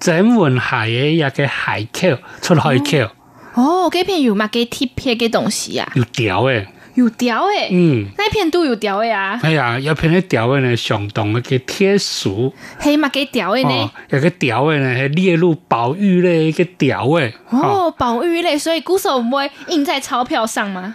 曾文溪嘢也嘅海口出了海口、哦，哦，這片有嘛？幾貼片的東西啊，有條誒，有條誒，嗯，那片都有條誒啊。哎呀、啊哦，有片咧條誒呢，上當嘅貼樹，嘿嘛，給條誒呢？一個條誒呢，列入保育類一個條誒。哦，哦保育類，所以古時候不會印在鈔票上嗎？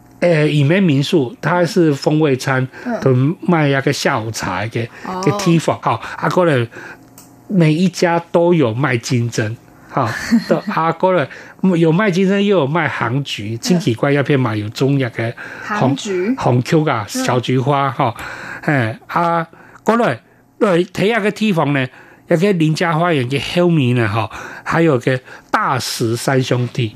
誒，以、呃、面民宿它是風味餐，都、嗯、賣一個下午茶嘅嘅地方。好、嗯，阿哥咧，每一家都有賣金針，哈、哦，都阿哥咧有賣金針，又有賣杭菊，清、嗯、奇怪，有一片嘛有種一個杭菊、杭 Q 噶小菊花，哈、哦，誒、嗯，阿哥來來睇下個地方呢，有一個林家花園嘅 Helmy 呢，哈、哦，還有一個大石三兄弟。